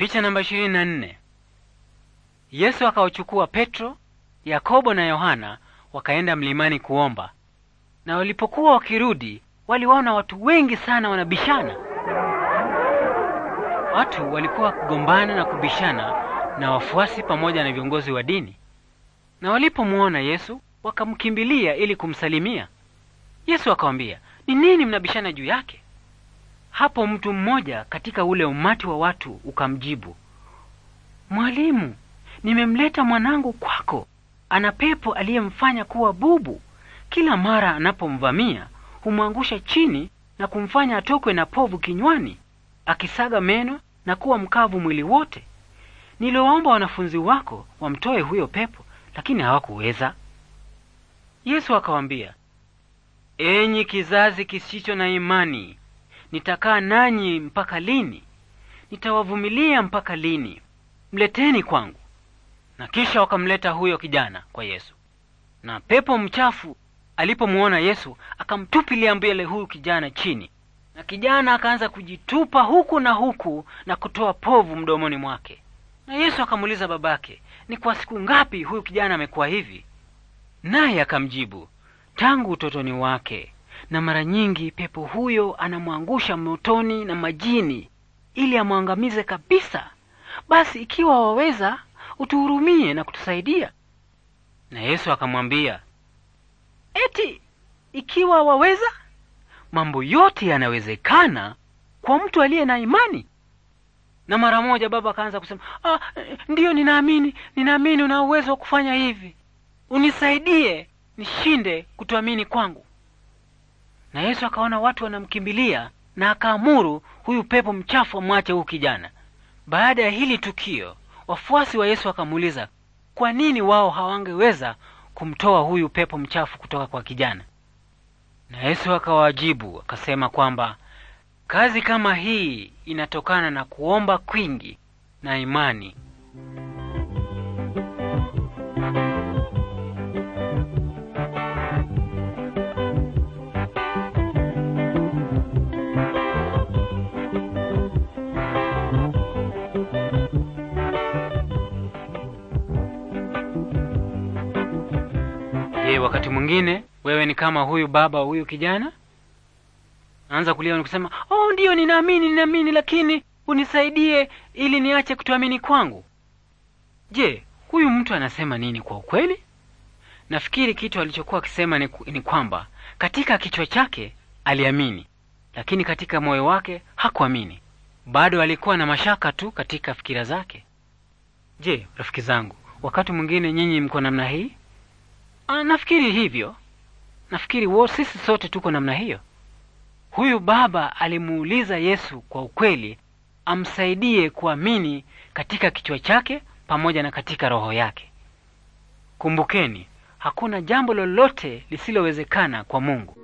Picha namba 24. Yesu akawachukua Petro, Yakobo na Yohana wakaenda mlimani kuomba, na walipokuwa wakirudi waliwaona watu wengi sana wanabishana. Watu walikuwa wakigombana na kubishana na wafuasi pamoja na viongozi wa dini, na walipomuona Yesu wakamkimbilia ili kumsalimia. Yesu akawambia, ni nini mnabishana juu yake? Hapo mtu mmoja katika ule umati wa watu ukamjibu, Mwalimu, nimemleta mwanangu kwako. Ana pepo aliyemfanya kuwa bubu. Kila mara anapomvamia humwangusha chini na kumfanya atokwe na povu kinywani, akisaga meno na kuwa mkavu mwili wote. Niliwaomba wanafunzi wako wamtoe huyo pepo, lakini hawakuweza. Yesu akawambia enyi kizazi kisicho na imani, Nitakaa nanyi mpaka lini? Nitawavumilia mpaka lini? Mleteni kwangu. Na kisha wakamleta huyo kijana kwa Yesu. Na pepo mchafu alipomwona Yesu akamtupilia mbele huyu kijana chini, na kijana akaanza kujitupa huku na huku na kutoa povu mdomoni mwake. Na Yesu akamuuliza babake, ni kwa siku ngapi huyu kijana amekuwa hivi? Naye akamjibu, tangu utotoni wake, na mara nyingi pepo huyo anamwangusha motoni na majini ili amwangamize kabisa. Basi ikiwa waweza, utuhurumie na kutusaidia. Na Yesu akamwambia, eti ikiwa waweza? Mambo yote yanawezekana kwa mtu aliye na imani. Na mara moja baba akaanza kusema, ah, ndiyo, ninaamini, ninaamini una uwezo wa kufanya hivi, unisaidie nishinde kutuamini kwangu na Yesu akaona watu wanamkimbilia na akaamuru huyu pepo mchafu amwache huyu kijana. Baada ya hili tukio, wafuasi wa Yesu wakamuuliza kwa nini wao hawangeweza kumtoa huyu pepo mchafu kutoka kwa kijana, na Yesu akawajibu akasema kwamba kazi kama hii inatokana na kuomba kwingi na imani. Je, eh, wakati mwingine wewe ni kama huyu baba wa huyu kijana? Anza kulia na kusema, "Oh, ndiyo ninaamini, ninaamini lakini unisaidie ili niache kutoamini kwangu." Je, huyu mtu anasema nini kwa ukweli? Nafikiri kitu alichokuwa akisema ni, ni kwamba katika kichwa chake aliamini, lakini katika moyo wake hakuamini. Bado alikuwa na mashaka tu katika fikira zake. Je, rafiki zangu, wakati mwingine nyinyi mko namna hii? Ah, nafikiri hivyo. Nafikiri wo sisi sote tuko namna hiyo. Huyu baba alimuuliza Yesu kwa ukweli amsaidie kuamini katika kichwa chake pamoja na katika roho yake. Kumbukeni, hakuna jambo lolote lisilowezekana kwa Mungu.